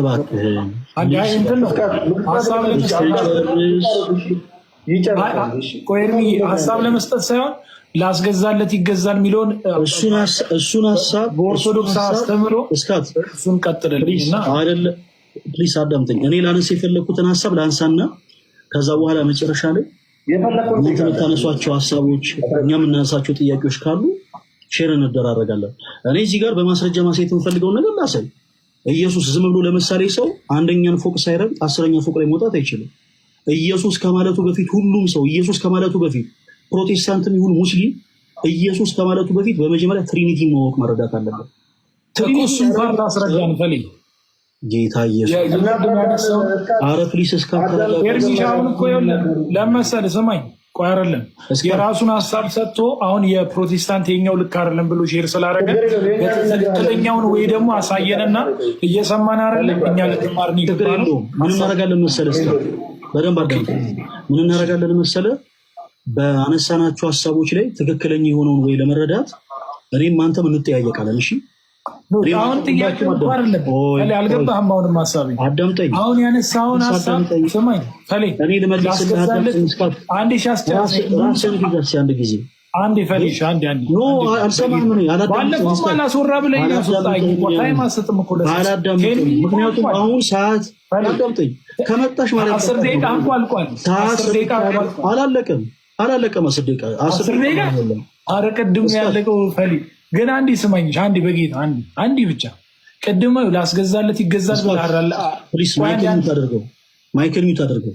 እባክህን ሀሳብ ለመስጠት ሳይሆን ላስገዛለት ይገዛል የሚለውን እሱን ሀሳብ በኦርቶዶክስ አስተምሮ እሱን ቀጥልልኝ። ፕሊስ አዳምጠኝ። እኔ ላነሳ የፈለግኩትን ሀሳብ ላንሳና ከዛ በኋላ መጨረሻ ላይ እናንተ የምታነሷቸው ሀሳቦች እኛ የምናነሳቸው ጥያቄዎች ካሉ ሼር እንደራረጋለን። እኔ እዚህ ጋር በማስረጃ ማሳየት የምፈልገውን ነገር ላሳይ ኢየሱስ ዝም ብሎ ለምሳሌ ሰው አንደኛን ፎቅ ሳይረግጥ አስረኛ ፎቅ ላይ መውጣት አይችልም። ኢየሱስ ከማለቱ በፊት ሁሉም ሰው ኢየሱስ ከማለቱ በፊት ፕሮቴስታንትም ይሁን ሙስሊም ኢየሱስ ከማለቱ በፊት በመጀመሪያ ትሪኒቲ ማወቅ መረዳት አለበት። እሱም እንኳን አስረዳን ፈሊ ጌታ ኢየሱስ አረ ፕሊስ እስካሁን እኮ ለመሰል ስማኝ ቆይ አይደለም የራሱን ሀሳብ ሰጥቶ አሁን የፕሮቴስታንት የኛው ልክ አይደለም ብሎ ሼር ስላደረገ ትክክለኛውን ወይ ደግሞ አሳየንና እየሰማን አይደለም እኛ ልትማር ምን እናደርጋለን መሰለ ስ በደንብ አዳም ምን እናደርጋለን መሰለ በአነሳናቸው ሀሳቦች ላይ ትክክለኛ የሆነውን ወይ ለመረዳት እኔም አንተም እንጠያየቃለን እሺ አሁን ጥያቄ አልገባህም። አሁንም ሀሳብ አሁን ያነሳውን ሀሳብ ስማኝ፣ አንድ ጊዜ ፈሪሽ አላስወራ ብለኝ ታይም እኮ ምክንያቱም አሁን ሰዓት አዳምጠኝ ከመጣሽ ማለት አስር ደቂቃ እንኳ አልቋል። አላለቀም አላለቀም። አስር ደቂቃ አስር ደቂቃ ቅድም ያለቀው ግን አንዴ ስማኝ፣ አንዴ በጌታ አንዴ አንዴ ብቻ ቅድመ ላስገዛለት ይገዛል ብለሃል። ማይክል ሚውት አድርገው፣ ማይክል ሚውት አድርገው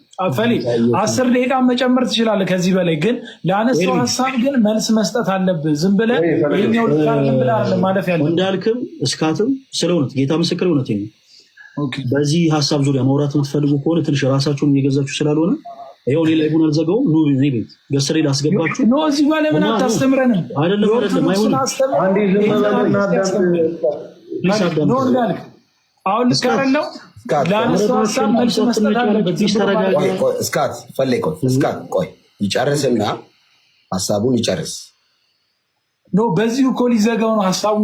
ፈሊ አስር ደቂቃ መጨመር ትችላለህ። ከዚህ በላይ ግን ለአነሳው ሀሳብ ግን መልስ መስጠት አለብህ። ዝም ብለህ ማለፍ ያለ እንዳልክም እስካትም ስለ እውነት ጌታ ምስክር እውነት ነው። በዚህ ሀሳብ ዙሪያ መውራት የምትፈልጉ ከሆነ ትንሽ ራሳችሁን እየገዛችሁ ስላልሆነ ይኸው ሌላ ይሁን አልዘገው ኑ እኔ ቤት ገስሬ ላስገባችሁ። ኖ እዚህ በኋላ ምን አታስተምረንም አይደለም አይደለም አይሆንም። አንዴ ዝም በለና አዳምጥ። አሁን ልካረለው ስካት ፈለይ ቆይ ስካት ቆይ ይጨርስና ሀሳቡን ይጨርስ። ኖ በዚሁ እኮ ሊዘጋው ነው ሀሳቡ።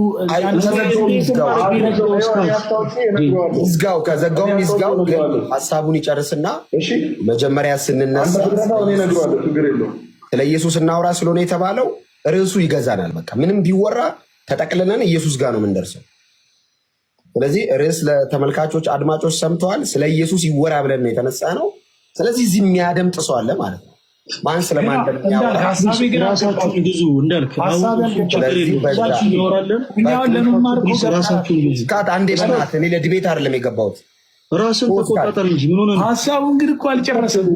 ይዝጋው ከዘጋው ይዝጋው፣ ግን ሀሳቡን ይጨርስና መጀመሪያ ስንነሳ ስለ ኢየሱስ እናውራ ስለሆነ የተባለው ርዕሱ ይገዛናል። በቃ ምንም ቢወራ ተጠቅልለን ኢየሱስ ጋር ነው የምንደርሰው። ስለዚህ ርዕስ ለተመልካቾች አድማጮች ሰምተዋል። ስለ ኢየሱስ ይወራ ብለን ነው የተነሳ ነው። ስለዚህ እዚህ የሚያደምጥ ሰው አለ ማለት ነው። ማን ስለማን እኔ ለድቤት አይደለም የገባሁት። ራስን ተቆጣጠር እንጂ ምን ሆነ? ሀሳቡ ሀሳቡን ግን እኮ አልጨረሰም።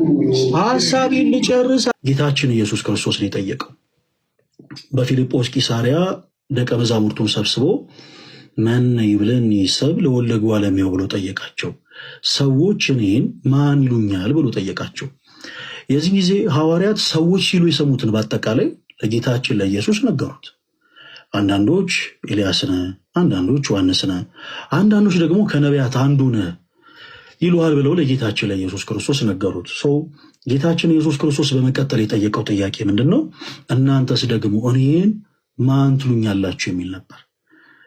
ሀሳቤን ልጨርስ። ጌታችን ኢየሱስ ክርስቶስ ነው የጠየቀው። በፊልጶስ ቂሳሪያ ደቀ መዛሙርቱን ሰብስቦ ማን ነኝ ሰብ ለወለጉ ብሎ ጠየቃቸው። ሰዎች እኔን ማን ይሉኛል ብሎ ጠየቃቸው። የዚህ ጊዜ ሐዋርያት ሰዎች ሲሉ የሰሙትን በአጠቃላይ ለጌታችን ለኢየሱስ ነገሩት። አንዳንዶች ኤልያስነ፣ አንዳንዶች ዮሐንስነ፣ አንዳንዶች ደግሞ ከነቢያት አንዱ ነ ይሉሃል ብለው ለጌታችን ለኢየሱስ ክርስቶስ ነገሩት። ሰው ጌታችን ኢየሱስ ክርስቶስ በመቀጠል የጠየቀው ጥያቄ ምንድን ነው? እናንተስ ደግሞ እኔን ማን ትሉኛላችሁ የሚል ነበር።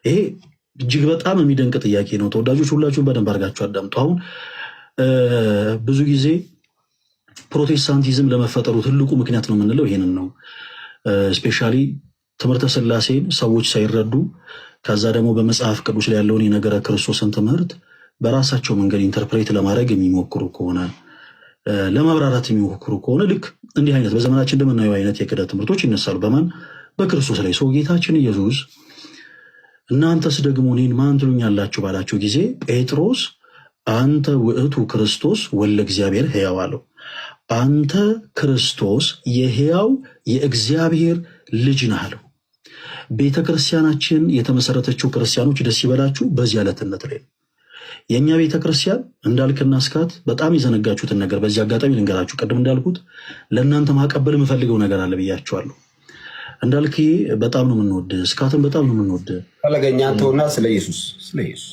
ይሄ እጅግ በጣም የሚደንቅ ጥያቄ ነው። ተወዳጆች ሁላችሁም በደንብ አድርጋችሁ አዳምጡ። አሁን ብዙ ጊዜ ፕሮቴስታንቲዝም ለመፈጠሩ ትልቁ ምክንያት ነው የምንለው ይሄንን ነው። እስፔሻሊ ትምህርተ ስላሴን ሰዎች ሳይረዱ ከዛ ደግሞ በመጽሐፍ ቅዱስ ላይ ያለውን የነገረ ክርስቶስን ትምህርት በራሳቸው መንገድ ኢንተርፕሬት ለማድረግ የሚሞክሩ ከሆነ ለማብራራት የሚሞክሩ ከሆነ ልክ እንዲህ አይነት በዘመናችን እንደምናየው አይነት የክህደት ትምህርቶች ይነሳሉ። በማን በክርስቶስ ላይ ሰው ጌታችን ኢየሱስ እናንተስ ደግሞ እኔን ማን ትሉኛላችሁ ባላቸው ጊዜ ጴጥሮስ አንተ ውእቱ ክርስቶስ ወለ እግዚአብሔር ሕያው አለው። አንተ ክርስቶስ የሕያው የእግዚአብሔር ልጅ ነህ አለው። ቤተ ክርስቲያናችን የተመሰረተችው ክርስቲያኖች ደስ ይበላችሁ በዚህ ዕለትነት ላይ የእኛ ቤተ ክርስቲያን እንዳልክና እስካት በጣም የዘነጋችሁትን ነገር በዚህ አጋጣሚ ልንገራችሁ። ቅድም እንዳልኩት ለእናንተ ማቀበል የምፈልገው ነገር አለ ብያችኋለሁ። እንዳልክ በጣም ነው የምንወድ፣ ስካትን በጣም ነው የምንወድ። ፈለገኛ ተውና ስለ ኢየሱስ ስለ ኢየሱስ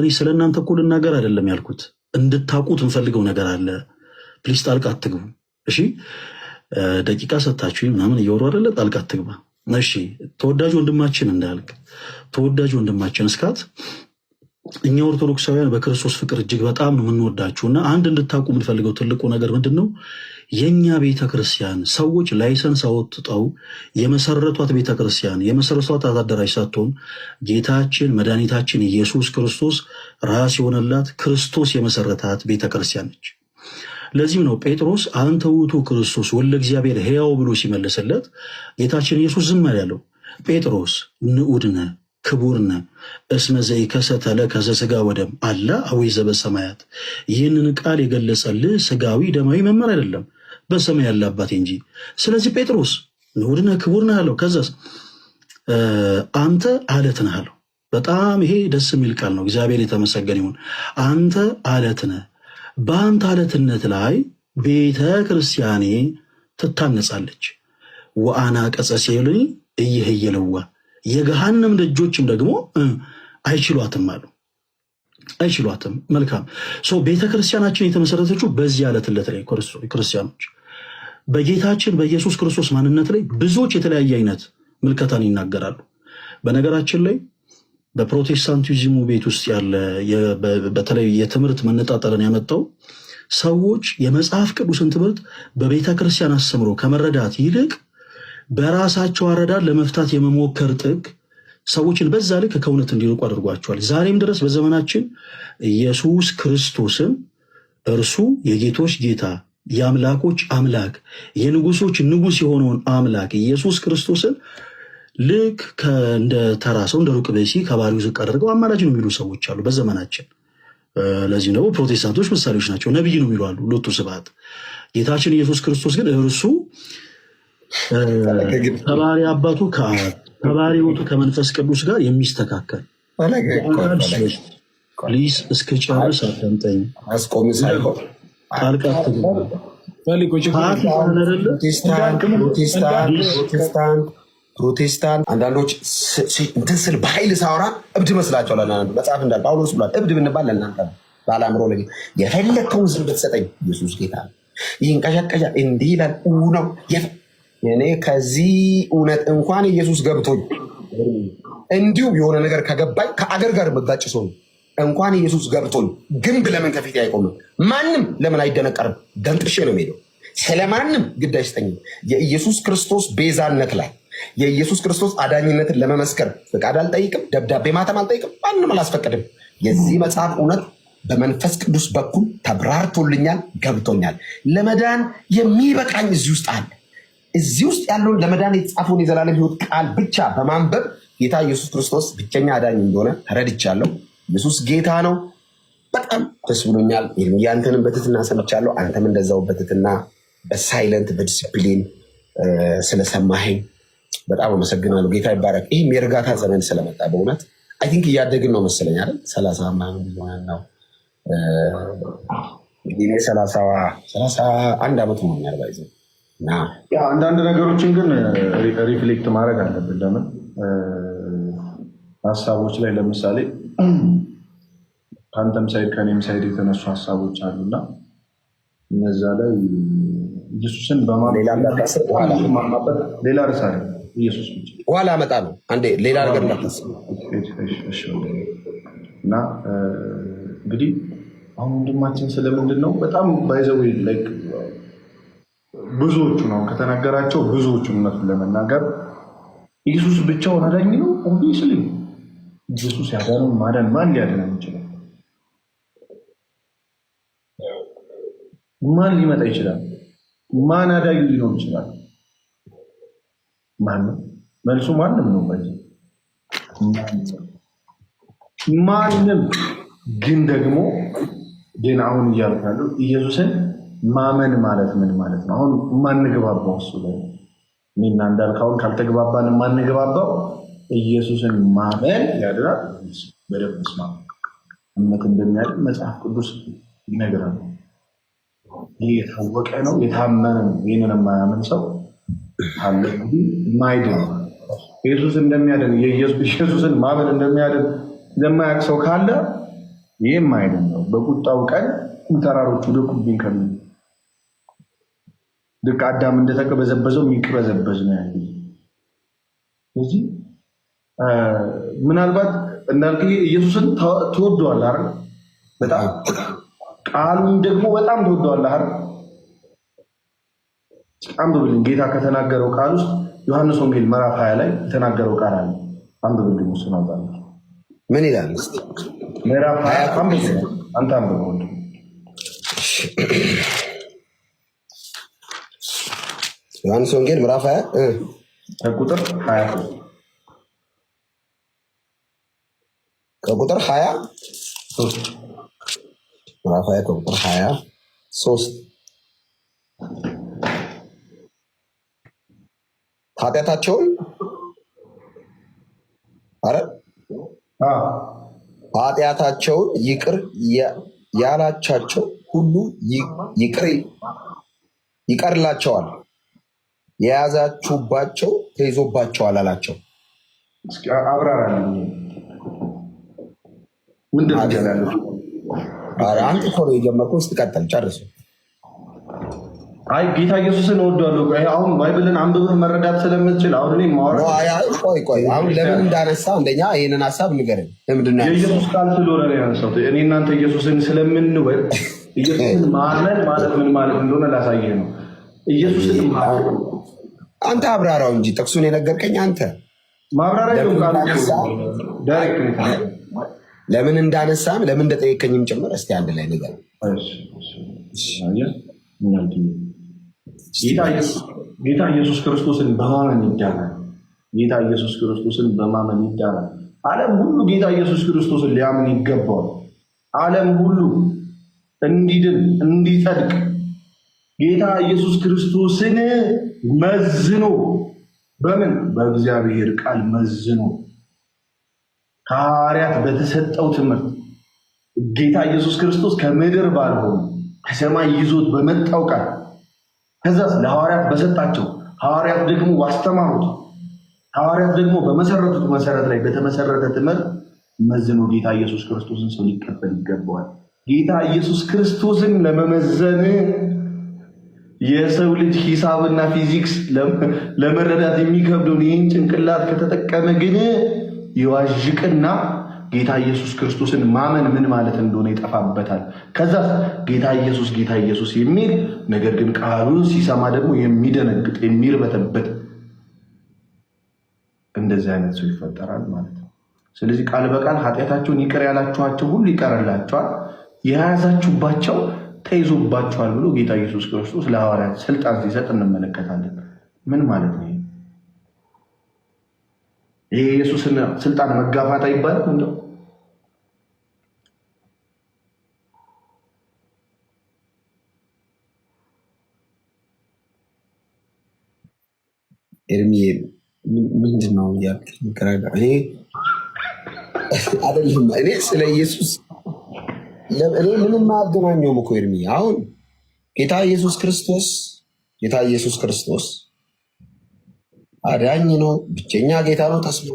እኔ ስለ እናንተ እኮ ልናገር አይደለም ያልኩት፣ እንድታውቁት እንፈልገው ነገር አለ። ፕሊስ ጣልቃ አትግቡ። እሺ ደቂቃ ሰታችሁ ምናምን እየወሩ አደለ? ጣልቃ አትግባ። እሺ ተወዳጅ ወንድማችን እንዳልክ ተወዳጅ ወንድማችን እስካት እኛ ኦርቶዶክሳውያን በክርስቶስ ፍቅር እጅግ በጣም ነው የምንወዳችሁ እና አንድ እንድታውቁ የምንፈልገው ትልቁ ነገር ምንድን ነው? የእኛ ቤተ ክርስቲያን ሰዎች ላይሰንስ አወጥጠው የመሰረቷት ቤተ ክርስቲያን የመሰረቷት አደራጅ ሳትሆን ጌታችን መድኃኒታችን ኢየሱስ ክርስቶስ ራስ የሆነላት ክርስቶስ የመሰረታት ቤተ ክርስቲያን ነች። ለዚህም ነው ጴጥሮስ አንተ ውእቱ ክርስቶስ ወለ እግዚአብሔር ሕያው ብሎ ሲመልስለት ጌታችን ኢየሱስ ዝም ያለው ጴጥሮስ ንዑድነ ክቡርነ እስመ ዘኢከሰተ ለከ ዘሥጋ ወደም አለ አዌ ዘበሰማያት ይህንን ቃል የገለጸልህ ስጋዊ ደማዊ መመር አይደለም በሰማይ ያለ አባቴ እንጂ። ስለዚህ ጴጥሮስ ንዑድ ክቡር ነህ አለው። ከዛስ አንተ አለት ነህ አለው። በጣም ይሄ ደስ የሚል ቃል ነው። እግዚአብሔር የተመሰገን ይሁን። አንተ አለት ነህ፣ በአንተ አለትነት ላይ ቤተ ክርስቲያኔ ትታነጻለች። ወአና ቀጸሴል እየህየለዋ የገሃንም ደጆችም ደግሞ አይችሏትም አሉ አይችሏትም። መልካም ቤተ ክርስቲያናችን የተመሰረተችው በዚህ አለትለት ላይ ክርስቲያኖች በጌታችን በኢየሱስ ክርስቶስ ማንነት ላይ ብዙዎች የተለያየ አይነት ምልከታን ይናገራሉ። በነገራችን ላይ በፕሮቴስታንቲዝሙ ቤት ውስጥ ያለ በተለይ የትምህርት መነጣጠርን ያመጣው ሰዎች የመጽሐፍ ቅዱስን ትምህርት በቤተ ክርስቲያን አስተምሮ ከመረዳት ይልቅ በራሳቸው አረዳድ ለመፍታት የመሞከር ጥግ ሰዎችን በዛ ልክ ከእውነት እንዲርቁ አድርጓቸዋል። ዛሬም ድረስ በዘመናችን ኢየሱስ ክርስቶስን እርሱ የጌቶች ጌታ የአምላኮች አምላክ የንጉሶች ንጉስ የሆነውን አምላክ ኢየሱስ ክርስቶስን ልክ እንደ ተራ ሰው እንደ ሩቅ ብእሲ ከባሪው ዝቅ አድርገው አማላጅ ነው የሚሉ ሰዎች አሉ በዘመናችን። ለዚህ ደግሞ ፕሮቴስታንቶች ምሳሌዎች ናቸው። ነቢይ ነው የሚሉ አሉ። ሎቱ ስብሐት። ጌታችን ኢየሱስ ክርስቶስ ግን እርሱ ከባሪ አባቱ ከአብ ከባሪ ሕይወቱ ከመንፈስ ቅዱስ ጋር የሚስተካከል ፕሊስ፣ እስክጨርስ አዳምጠኝ። አስቆም ሳይሆን ፕሮቴስታንት አንዳንዶች እንትን ስል በኃይል ሳወራ እብድ መስላቸዋል። ለእናንተ መጽሐፍ እንዳል ጳውሎስ ብሏል፣ እብድ ብንባል ለእናንተ ባለአእምሮ ለ የፈለግከውን ስል ብትሰጠኝ ኢየሱስ ጌታ ነው። ይህን ቀዣቀዣ እንዲህ ይላል ነው። እኔ ከዚህ እውነት እንኳን ኢየሱስ ገብቶኝ እንዲሁ የሆነ ነገር ከገባኝ ከአገር ጋር መጋጭ ሰው ነው እንኳን ኢየሱስ ገብቶኝ ግንብ ለምን ከፊት አይቆምም? ማንም ለምን አይደነቀርም? ደንጥሼ ነው የምሄደው። ስለማንም ግድ አይሰጠኝም። የኢየሱስ ክርስቶስ ቤዛነት ላይ የኢየሱስ ክርስቶስ አዳኝነትን ለመመስከር ፍቃድ አልጠይቅም፣ ደብዳቤ ማተም አልጠይቅም፣ ማንም አላስፈቅድም። የዚህ መጽሐፍ እውነት በመንፈስ ቅዱስ በኩል ተብራርቶልኛል፣ ገብቶኛል። ለመዳን የሚበቃኝ እዚህ ውስጥ አለ። እዚህ ውስጥ ያለውን ለመዳን የተጻፈውን የዘላለም ሕይወት ቃል ብቻ በማንበብ ጌታ ኢየሱስ ክርስቶስ ብቸኛ አዳኝ እንደሆነ ተረድቻለሁ። ኢየሱስ ጌታ ነው። በጣም ደስ ብሎኛል። ያንተንም በትትና ሰምቻለሁ። አንተም እንደዛው በትትና በሳይለንት በዲስፕሊን ስለሰማኸኝ በጣም አመሰግናለሁ። ጌታ ይባረክ። ይህም የእርጋታ ዘመን ስለመጣ በእውነት አይ ቲንክ እያደግን ነው መሰለኝ አይደል? ሰላሳ ምናምን ሆነን ነው እኔ ሰላሳ አንድ ዓመት ሆኖኛል ባይዘ አንዳንድ ነገሮችን ግን ሪፍሌክት ማድረግ አለብን። ለምን ሀሳቦች ላይ ለምሳሌ ከአንተም ሳይድ ከኔም ሳይድ የተነሱ ሀሳቦች አሉና እነዛ ላይ ኢየሱስን በማሌላ ሌላ ርዕስ ኢየሱስ ኋላ መጣ ነው። አንዴ ሌላ ነገር እና እንግዲህ አሁን ወንድማችን ስለምንድን ነው በጣም ባይዘዌ ብዙዎቹ ነው ከተነገራቸው ብዙዎቹ እውነቱን ለመናገር ኢየሱስ ብቻውን አዳኝ ነው። ኦብቪስሊ ኢየሱስ ያዳነው ማዳን ማን ሊያደነው ይችላል? ማን ሊመጣ ይችላል? ማን አዳጊው ሊሆን ይችላል? ማን ነው? መልሱ ማንም ነው። ማንም ግን ደግሞ ግን አሁን እያልካሉ ኢየሱስን ማመን ማለት ምን ማለት ነው? አሁን የማንግባባው እሱ ላይ እኔና እንዳልክ አሁን ካልተግባባን የማንግባባው ኢየሱስን ማመን ያድራል። በደንብ ስማ፣ እምነት እንደሚያድን መጽሐፍ ቅዱስ ይነግራል። ይህ የታወቀ ነው፣ የታመነ ነው። ይህንን የማያምን ሰው አለ ማይድን ኢየሱስ እንደሚያድን ኢየሱስን ማመን እንደሚያድን ለማያቅ ሰው ካለ ይህ ማይድን ነው። በቁጣው ቀን ተራሮቹ ደኩብኝ ከሚ ልክ አዳም እንደተቀበዘበዘው የሚቀበዘበዝ ነው ያለ። ስለዚህ ምናልባት እንዳልክ ኢየሱስን ትወደዋል አይደል? በጣም ቃሉን ደግሞ በጣም ተወደዋለህ አይደል? አንብብልን። ጌታ ከተናገረው ቃል ውስጥ ዮሐንስ ወንጌል ምዕራፍ ሀያ ላይ የተናገረው ቃል አለ። አንብብልን። እሱን ምን ይላል? ምዕራፍ ሀያ አንተ አንብብ ወንድ ዮሐንስ ወንጌል ምዕራፍ ሀያ ከቁጥር ሀያ ከቁጥር ሀያ ምዕራፍ ሀያ ከቁጥር ሀያ ሶስት ኃጢአታቸውን አረ ኃጢአታቸውን ይቅር ያላቻቸው ሁሉ ይቅር ይቀርላቸዋል፣ የያዛችሁባቸው ተይዞባቸዋል አላቸው። አብራራ ምንድን ነው ያለው? አንተ እኮ ነው የጀመርከው። እስኪ ቀጥል ጨርሱ። አይ ጌታ ኢየሱስን እወደዋለሁ። አሁን ባይብልን አንብብህ መረዳት ስለምትችል አሁን እኔ ማወራ ቆይ ቆይ፣ አሁን ለምን እንዳነሳ አንደኛ ይህንን ሀሳብ ንገረኝ። ለምንድን የኢየሱስ ቃል ስለሆነ ነው ያነሳሁት። እኔ እናንተ ኢየሱስን ስለምንወድ ኢየሱስን ማመን ማለት ምን ማለት እንደሆነ ላሳየህ ነው። ኢየሱስን አንተ አብራራው እንጂ ጥቅሱን የነገርከኝ አንተ ማብራሪያ ቃል ለምን እንዳነሳም ለምን እንደጠየከኝም ጭምር እስቲ አንድ ላይ ነገር ጌታ ኢየሱስ ክርስቶስን በማመን ይዳናል። ጌታ ኢየሱስ ክርስቶስን በማመን ይዳናል። ዓለም ሁሉ ጌታ ኢየሱስ ክርስቶስን ሊያምን ይገባዋል። ዓለም ሁሉ እንዲድን እንዲጸድቅ ጌታ ኢየሱስ ክርስቶስን መዝኖ በምን በእግዚአብሔር ቃል መዝኖ ከሐዋርያት በተሰጠው ትምህርት ጌታ ኢየሱስ ክርስቶስ ከምድር ባልሆነ ከሰማይ ይዞት በመጣው ቃል ከዛ ለሐዋርያት በሰጣቸው ሐዋርያት ደግሞ ባስተማሩት ሐዋርያት ደግሞ በመሰረቱት መሰረት ላይ በተመሰረተ ትምህርት መዝኖ ጌታ ኢየሱስ ክርስቶስን ሰው ሊቀበል ይገባዋል። ጌታ ኢየሱስ ክርስቶስን ለመመዘን የሰው ልጅ ሂሳብና ፊዚክስ ለመረዳት የሚከብደውን ይህን ጭንቅላት ከተጠቀመ ግን ይዋዥቅና ጌታ ኢየሱስ ክርስቶስን ማመን ምን ማለት እንደሆነ ይጠፋበታል። ከዛ ጌታ ኢየሱስ ጌታ ኢየሱስ የሚል ነገር ግን ቃሉን ሲሰማ ደግሞ የሚደነግጥ የሚርበተበት እንደዚህ አይነት ሰው ይፈጠራል ማለት ነው። ስለዚህ ቃል በቃል ኃጢአታቸውን ይቅር ያላችኋቸው ሁሉ ይቀርላቸዋል፣ የያዛችሁባቸው ተይዞባቸዋል ብሎ ጌታ ኢየሱስ ክርስቶስ ለሐዋርያት ስልጣን ሲሰጥ እንመለከታለን። ምን ማለት ነው? ይሄ የኢየሱስን ስልጣን መጋፋት አይባልም። እንደው ኤርሚ ምንድን ነው እያልክ እኔ አይደለም እኔ ስለ ኢየሱስ እኔ ምንም አያገናኘውም እኮ ኤርሚ። አሁን ጌታ ኢየሱስ ክርስቶስ ጌታ ኢየሱስ ክርስቶስ አዳኝ ነው፣ ብቸኛ ጌታ ነው፣ ተስሎ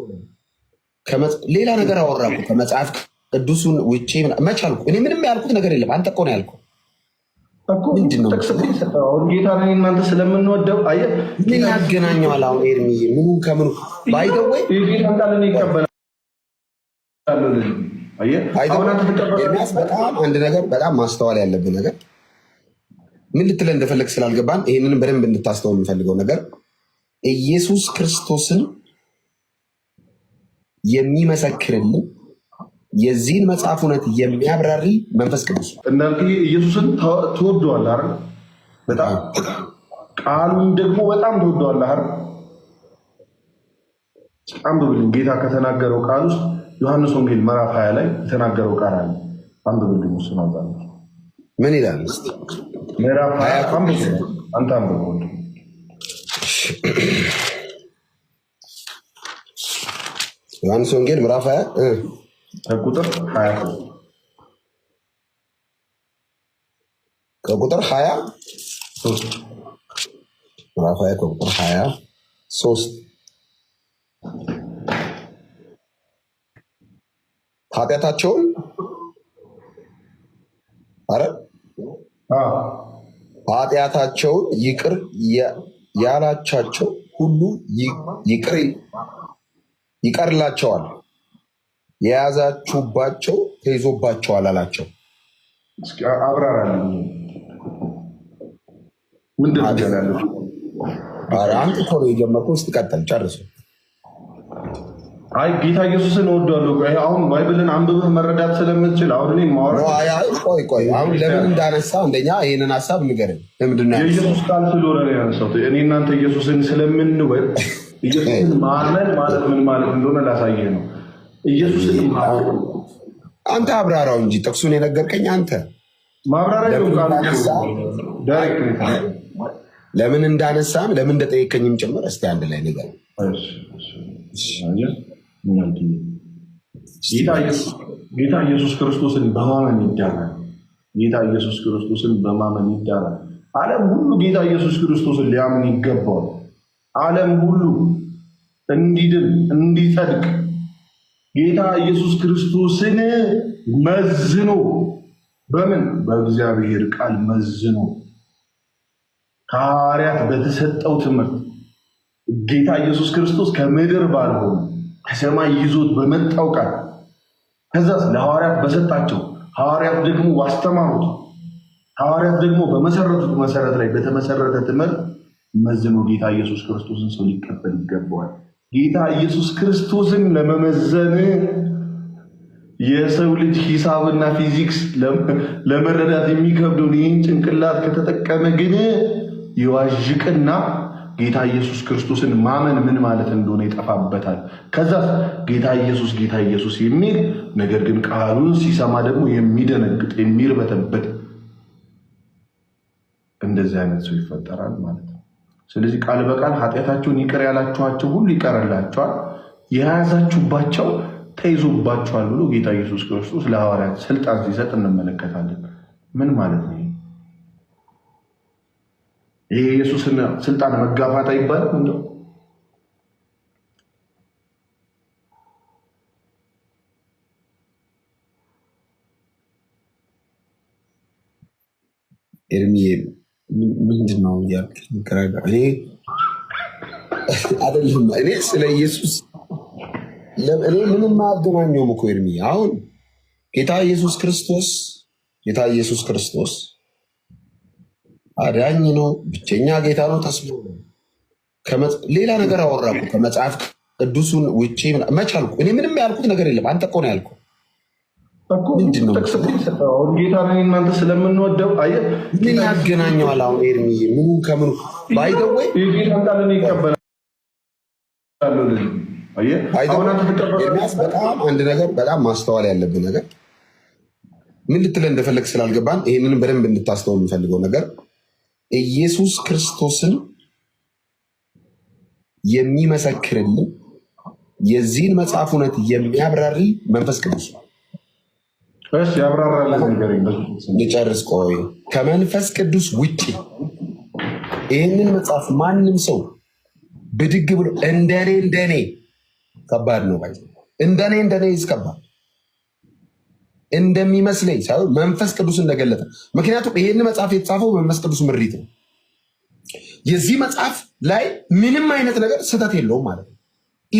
ሌላ ነገር አወራ ከመጽሐፍ ቅዱሱን ውጭ መች እኔ ምንም ያልኩት ነገር የለም። አንተ እኮ ነው ያልኩት። ጌታ እናንተ ስለምንወደው ምን ያገናኘዋል? አሁን ኤርሚዬ ምኑን ከምኑ ባይደወይ አንድ ነገር በጣም ማስተዋል ያለብን ነገር ምን ልትለን እንደፈለግ ስላልገባን ይህንን በደንብ እንድታስተውል የምፈልገው ነገር ኢየሱስ ክርስቶስን የሚመሰክርልን የዚህን መጽሐፍ እውነት የሚያብራሪ መንፈስ ቅዱስ እናንተ ኢየሱስን ትወደዋለህ አይደል? በጣም ቃሉን ደግሞ በጣም ትወደዋለህ አይደል? አንብብልን። ጌታ ከተናገረው ቃል ውስጥ ዮሐንስ ወንጌል ምዕራፍ ሀያ ላይ የተናገረው ቃል አለ። አንብብልን። እሱን ምን ይላል? ምዕራፍ ሀያ አንተ አንብብ ዮሐንስ ወንጌል ምዕራፍ 20 ቁጥር 20 ከቁጥር 20 ምዕራፍ 20 ከቁጥር 20 ሶስት ኃጢአታቸውን አረ ኃጢአታቸውን ይቅር ያላቻቸው ሁሉ ይቀርላቸዋል፣ የያዛችሁባቸው ተይዞባቸዋል አላቸው። አብራራ ምንድን ነው ያለው? አንተ ቶሎ የጀመርከው እስኪ ቀጥል ጨርሰው አይ ጌታ ኢየሱስን እወዳለሁ። ቆይ አሁን ባይብልን አንብበህ መረዳት ስለምትችል አሁን እኔ ማወራ ቆይ ቆይ አሁን ለምን እንዳነሳ እንደኛ ይህንን ሀሳብ ንገረኝ። ለምንድን ነው የኢየሱስ ቃል ስለሆነ ነው ያነሳሁት። እኔ እናንተ ኢየሱስን ስለምንወድ ኢየሱስን ማመን ማለት ምን ማለት እንደሆነ ላሳየህ ነው። ኢየሱስን አንተ አብራራው እንጂ ጥቅሱን የነገርከኝ አንተ ማብራሪያ ለምን እንዳነሳም ለምን እንደጠየከኝም ጭምር እስቲ አንድ ላይ ንገረኝ። እናንተ ጌታ ኢየሱስ ክርስቶስን በማመን ይዳናል። ጌታ ኢየሱስ ክርስቶስን በማመን ይዳናል። ዓለም ሁሉ ጌታ ኢየሱስ ክርስቶስን ሊያምን ይገባዋል። ዓለም ሁሉ እንዲድን እንዲጸድቅ ጌታ ኢየሱስ ክርስቶስን መዝኖ በምን በእግዚአብሔር ቃል መዝኖ ከሐዋርያት በተሰጠው ትምህርት ጌታ ኢየሱስ ክርስቶስ ከምድር ባልሆነ ከሰማይ ይዞት በመጣው ቃል ከዛስ ለሐዋርያት በሰጣቸው ሐዋርያት ደግሞ ባስተማሩት ሐዋርያት ደግሞ በመሰረቱት መሰረት ላይ በተመሰረተ ትምህርት መዝኖ ጌታ ኢየሱስ ክርስቶስን ሰው ሊቀበል ይገባዋል። ጌታ ኢየሱስ ክርስቶስን ለመመዘን የሰው ልጅ ሂሳብና ፊዚክስ ለመረዳት የሚከብደውን ይህን ጭንቅላት ከተጠቀመ ግን ይዋዥቅና ጌታ ኢየሱስ ክርስቶስን ማመን ምን ማለት እንደሆነ ይጠፋበታል። ከዛ ጌታ ኢየሱስ ጌታ ኢየሱስ የሚል ነገር ግን ቃሉን ሲሰማ ደግሞ የሚደነግጥ የሚርበተበት እንደዚህ አይነት ሰው ይፈጠራል ማለት ነው። ስለዚህ ቃል በቃል ኃጢአታቸውን ይቅር ያላችኋቸው ሁሉ ይቀርላቸዋል፣ የያዛችሁባቸው ተይዞባቸዋል ብሎ ጌታ ኢየሱስ ክርስቶስ ለሐዋርያት ስልጣን ሲሰጥ እንመለከታለን። ምን ማለት ነው? ይሄ ኢየሱስን ስልጣን መጋፋት አይባልም እንደው ኤርሚዬ ምንድን ነው እያልክ ንገራጋ። እኔ አይደለም እኔ ስለ ኢየሱስ እኔ ምንም አያገናኘውም እኮ ኤርሚዬ። አሁን ጌታ ኢየሱስ ክርስቶስ ጌታ ኢየሱስ ክርስቶስ አዳኝ ነው፣ ብቸኛ ጌታ ነው፣ ተስሎ ነው። ሌላ ነገር አወራ ከመጽሐፍ ቅዱሱን ውጭ መች አልኩ። እኔ ምንም ያልኩት ነገር የለም። አንተ እኮ ነው ያልኩ። ጌታ እናንተ ስለምንወደው ምን ያገናኘዋል? አሁን ኤርሚ ምኑ ከምኑ ባይደወይ በጣም አንድ ነገር በጣም ማስተዋል ያለብን ነገር ምን ልትለን እንደፈለግ ስላልገባን ይህንን በደንብ እንድታስተውል የምፈልገው ነገር ኢየሱስ ክርስቶስን የሚመሰክርልን የዚህን መጽሐፍ እውነት የሚያብራሪ መንፈስ ቅዱስ ነው። ልጨርስ። ቆይ ከመንፈስ ቅዱስ ውጭ ይህንን መጽሐፍ ማንም ሰው ብድግ ብሎ እንደኔ እንደኔ ከባድ ነው። እንደኔ እንደኔ ከባድ እንደሚመስለኝ ሳይሆን መንፈስ ቅዱስ እንደገለጠ። ምክንያቱም ይህን መጽሐፍ የተጻፈው መንፈስ ቅዱስ ምሪት ነው። የዚህ መጽሐፍ ላይ ምንም አይነት ነገር ስህተት የለውም ማለት ነው።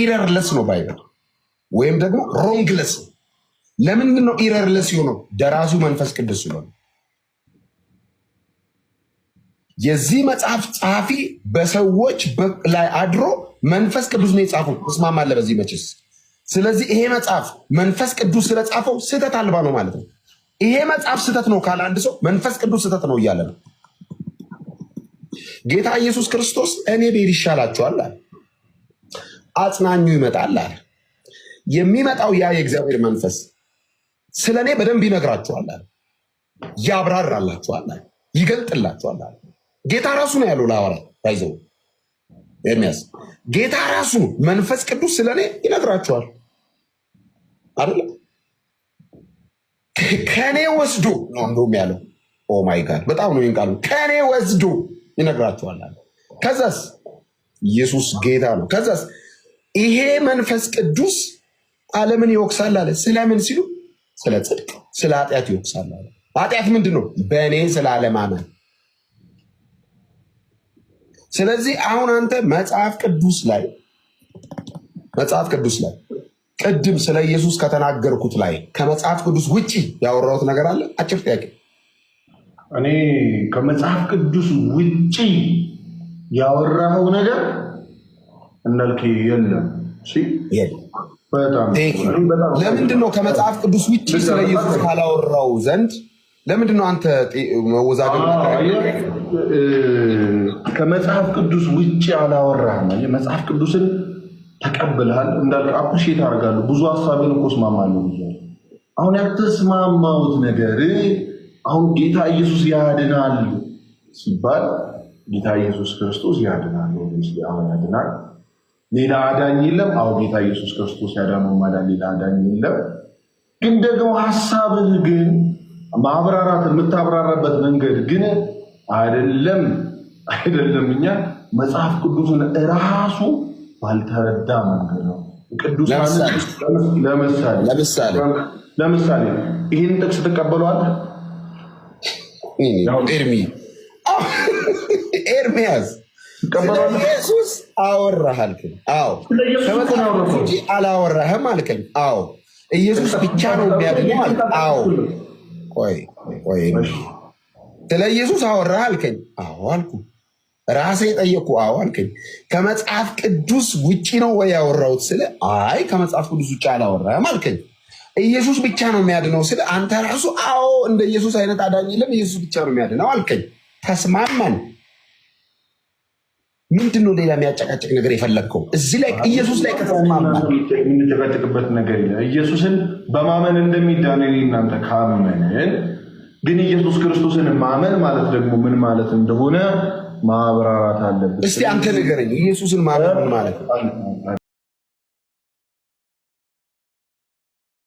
ኢረርለስ ነው ባይበ ወይም ደግሞ ሮንግለስ ነው። ለምንድን ነው ኢረርለስ የሆነው? ደራሱ መንፈስ ቅዱስ ስለሆነ። የዚህ መጽሐፍ ጸሐፊ በሰዎች ላይ አድሮ መንፈስ ቅዱስ ነው የጻፈው። ተስማማለህ? በዚህ መችስ ስለዚህ ይሄ መጽሐፍ መንፈስ ቅዱስ ስለጻፈው ስህተት አልባ ነው ማለት ነው። ይሄ መጽሐፍ ስህተት ነው ካለ አንድ ሰው መንፈስ ቅዱስ ስህተት ነው እያለ ነው። ጌታ ኢየሱስ ክርስቶስ እኔ ብሄድ ይሻላችኋል አለ። አጽናኙ ይመጣል አለ። የሚመጣው ያ የእግዚአብሔር መንፈስ ስለ እኔ በደንብ ይነግራችኋል አለ። ያብራራላችኋል አለ። ይገልጥላችኋል አለ። ጌታ ራሱ ነው ያለው ለሐዋርያት ይዘው ኤርሚያስ ጌታ ራሱ መንፈስ ቅዱስ ስለእኔ ይነግራቸዋል አይደለ? ከእኔ ወስዶ ነው እንደውም ያለው። ኦ ማይ ጋድ በጣም ነው ይህን ቃሉ ከእኔ ወስዶ ይነግራቸዋል አለ። ከዛስ ኢየሱስ ጌታ ነው። ከዛስ ይሄ መንፈስ ቅዱስ ዓለምን ይወቅሳል አለ። ስለምን ሲሉ ስለ ጽድቅ፣ ስለ ኃጢአት ይወቅሳል አለ። ኃጢአት ምንድን ነው? በእኔ ስለ አለማመን ስለዚህ አሁን አንተ መጽሐፍ ቅዱስ ላይ መጽሐፍ ቅዱስ ላይ ቅድም ስለ ኢየሱስ ከተናገርኩት ላይ ከመጽሐፍ ቅዱስ ውጭ ያወራሁት ነገር አለ? አጭር ጥያቄ። እኔ ከመጽሐፍ ቅዱስ ውጭ ያወራኸው ነገር እንዳልክ የለም። ለምንድን ነው ከመጽሐፍ ቅዱስ ውጭ ስለ ኢየሱስ ካላወራው ዘንድ ለምንድን ነው አንተ መወዛገብ ከመጽሐፍ ቅዱስ ውጭ አላወራህም? መጽሐፍ ቅዱስን ተቀብልሃል እንዳል አፕሪሼት አድርጋለሁ። ብዙ ሀሳብን እኮ እስማማለሁ አሁን ያልተስማማሁት ነገር አሁን ጌታ ኢየሱስ ያድናል ሲባል ጌታ ኢየሱስ ክርስቶስ ያድናል ያድናል፣ ሌላ አዳኝ የለም። አሁን ጌታ ኢየሱስ ክርስቶስ ያዳነው ማዳን ሌላ አዳኝ የለም። ግን ደግሞ ሀሳብህ ግን ማብራራት የምታብራራበት መንገድ ግን አይደለም አይደለም። እኛ መጽሐፍ ቅዱስን እራሱ ባልተረዳ መንገድ ነው። ቅዱሳን ለምሳሌ ይህን ጥቅስ ትቀበለዋለህ? ኤርሚ ኤርሚያስ ኢየሱስ አወራህ አልከኝ። አዎ አላወራህም አልከኝ። አዎ ኢየሱስ ብቻ ነው የሚያድነው አዎ ቆይ ቆይ ስለ ኢየሱስ አወራህ አልከኝ። አዎ አልኩ። ራሴ ጠየቅኩ። አዎ አልከኝ። ከመጽሐፍ ቅዱስ ውጭ ነው ወይ ያወራሁት ስለ አይ ከመጽሐፍ ቅዱስ ውጭ አላወራም አልከኝ። ኢየሱስ ብቻ ነው የሚያድነው ስለ አንተ ራሱ አዎ እንደ ኢየሱስ አይነት አዳኝ የለም፣ ኢየሱስ ብቻ ነው የሚያድነው አልከኝ። ተስማማን። ምንድን ነው ሌላ የሚያጨቃጭቅ ነገር የፈለግከው? እዚህ ላይ ኢየሱስ ላይ የምንጨቃጭቅበት ነገር የለ። ኢየሱስን በማመን እንደሚዳን እናንተ ካመንን፣ ግን ኢየሱስ ክርስቶስን ማመን ማለት ደግሞ ምን ማለት እንደሆነ ማብራራት አለብን። እስቲ አንተ ንገረኝ፣ ኢየሱስን ማመን ምን ማለት ነው?